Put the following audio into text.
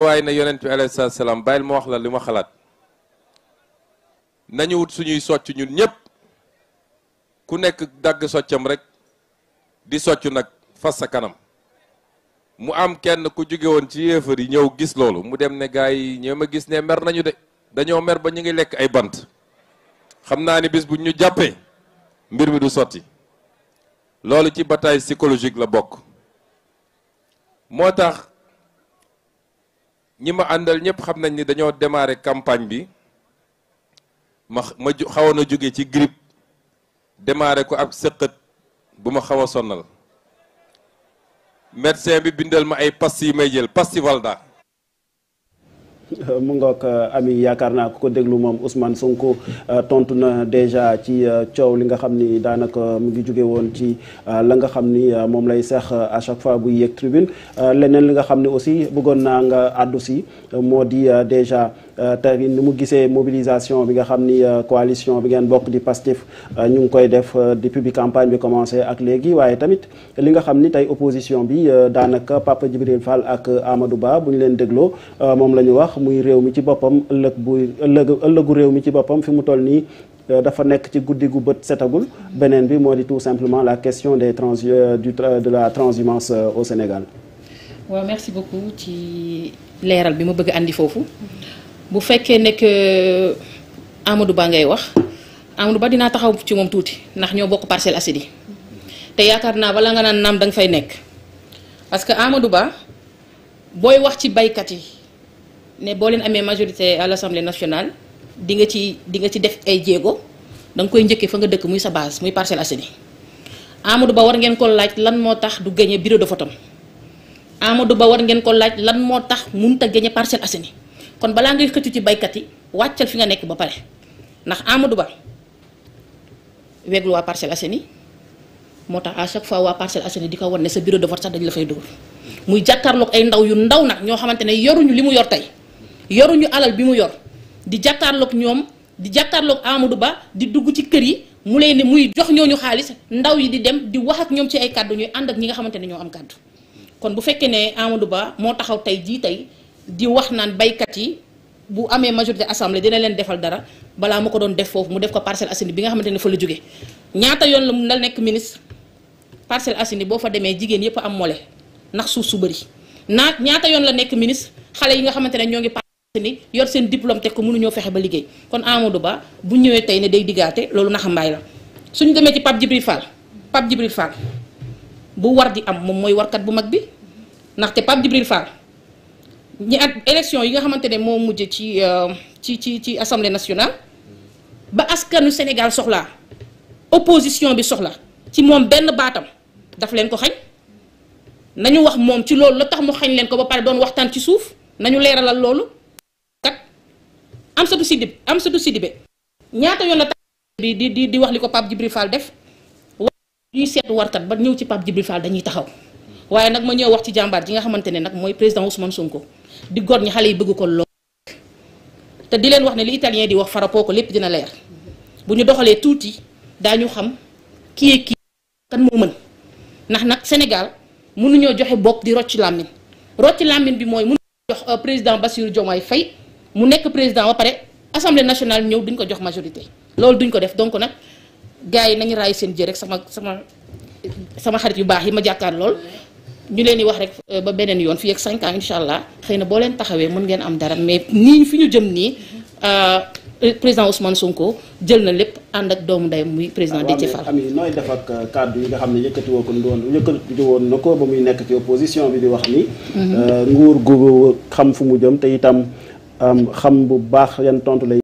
waaye ne yonent bi alayhi salaatu salaam bàyyil ma wax la li ma xalaat nañu wut suñuy socc ñun ñëpp ku nekk dagg soccam rek di socc nag fas sa kanam mu am kenn ku jóge woon ci yéefar yi ñëw gis loolu mu dem ne gars yi ñoo ma gis ne mer nañu de dañoo mer ba ñu ngi lekk ay bant xam naa ni bis bu ñu jàppee mbir mi du sotti loolu ci bataille psychologique la bokk moo tax ñi ma àndal ñëpp xam nañ ni dañoo démarré campagne bi ma ma xawoon a jóge ci grippe démarré ko ak sëqët bu ma xaw a sonnal médecin bi bindal ma ay past yu may jël pasti Valda Euh, mu ngoog euh, ami yaakaar naa ko ko déglu moom Ousmane Sonko euh, tontu na déjà ci coow li nga xam ni daanaka mu ngi jóge woon ci la nga xam ni moom lay seex à chaque fois buy yéeg tribune leneen li nga xam ne aussi bëggoon naa nga àddu si moo di déjà Euh, te ni mu gisee mobilisation bi nga xam ni euh, coalition bi ngeen bokk di Pastef euh, ñu ngi koy def depuis bi campagne bi commencé ak léegi waaye tamit li nga xam ni tey opposition bi daanaka Papa Djibril Fall ak Amadou Ba bu ñu leen dégloo moom la ñu wax muy réew mi ci boppam ëllëg bu ëllëg ëllëgu réew mi ci boppam fi mu toll nii dafa nekk ci guddi gu bët setagul beneen bi moo di tout simplement la question des trans du de la transhumance au Sénégal. foofu. bu fekkee nekk euh, Amadou baa ngay wax Amadou Ba dinaa taxaw ci moom tuuti ndax ñoo bokk Parcelles Assainies te yaakaar naa balaa nga naan naam danga fay nekk parce que Amadou Ba booy wax ci baykat yi ne boo leen amee majorité à l'Assemblée nationale di nga ci di nga ci def ay jéego da nga koy njëkkee fa nga dëkk muy sa base muy Parcelles Assainies Amadou Ba war ngeen ko laaj lan moo tax du gagné bureau de vote Amadou Ba war ngeen ko laaj lan moo tax mënut a gagné Parcelles Assainies kon balaa ngay xëccu ci baykat yi wàccal fi nga nekk ba pare ndax Amadou Ba weglu waa Parcelles Assainies moo tax à chaque fois waa Parcelles Assainies di ko wan ne sa bureau de vote sax dañ la fay dóor muy jàkkaarloog ay ndaw yu ndaw nag ñoo xamante ne yoruñu li mu yor tey yoruñu alal bi mu yor di jàkkaarloog ñoom di jàkkaarloog Amadou Ba di dugg ci kër yi mu leen ne muy jox ñooñu xaalis ndaw yi di dem di wax ak ñoom ci ay kàddu ñuy ànd ak ñi nga xamante ne ñoo am kàddu kon bu fekkee ne Amadou moo taxaw tey jii tey di wax naan baykat yi bu amee majorité assemblée dina leen defal dara balaa mu ko doon def foofu mu def ko parcel Assainies bi nga xamante ne fa la jóge ñaata yoon la mu na nekk ministre Parcelles Assainies boo fa demee jigéen yëpp am mole ndax suuf su bëri naat ñaata yoon la nekk ministre xale yi nga xamante ne ñoo ngi Parcelles Assainies yor seen diplôme teg ko mënuñoo fexe ba liggéey kon Amadou Ba bu ñëwee tey ne day diggaate loolu naxambaay la suñu demee ci Pape Djibril Fall Pape Djibril Fall bu war di am moom mooy warkat bu mag bi ndaxte Pape Djibril Fall ñi at élection yi nga xamante ne moo mujje ci euh, ci ci ci assemblée nationale ba askanu Sénégal soxlaa opposition bi soxla ci moom benn baatam daf leen ko xañ nañu wax moom ci loolu la tax mu xañ leen ko ba pare doon waxtaan ci suuf nañu leeralal loolu kat Amsatou Sidibé Amsatou Sidibé ñaata yoon la tax bi di di di wax li ko Pape Djibril Fall def wax ñuy seetu warkat ba ñëw ci Pape Djibril taxaw waaye nag ma ñëw wax ci jàmbaar ji nga xamante ne nag mooy président Ousmane Sonko di gor ñi xale yi bëgg ko lool te di leen wax ne li italien di wax farapoo ko lépp dina leer bu ñu doxalee tuuti daa ñu xam kii ak kii kan moo mën ndax nag Sénégal mënuñoo joxe bopp di rocc làmmiñ rocc làmmiñ bi mooy mënu jox euh, président Bassirou Diomaye Faye mu nekk président ba pare assemblée nationale ñëw duñ ko jox majorité loolu duñ ko def donc nag gars yi nañu raay seen jë rek sama sama sama xarit yu baax yi ma jàkkaar lool ñu leen di wax rek euh, ba beneen yoon fi ak 5 ans incha allah xëy na boo leen taxawee mën ngeen am dara mais nii fi ñu jëm nii euh, président Ousmane sunko jël na lépp ànd ak doomu ndeyam muy président Déthié Fall. am yi nooy def ak euh, kàddu yi nga xam ne yëkkati woo ko doon yëkkati woon na ko ba muy nekk ci opposition bi di wax ni. Mhm. nguur gu xam fu mu jëm te itam xam bu baax yan tontu lay.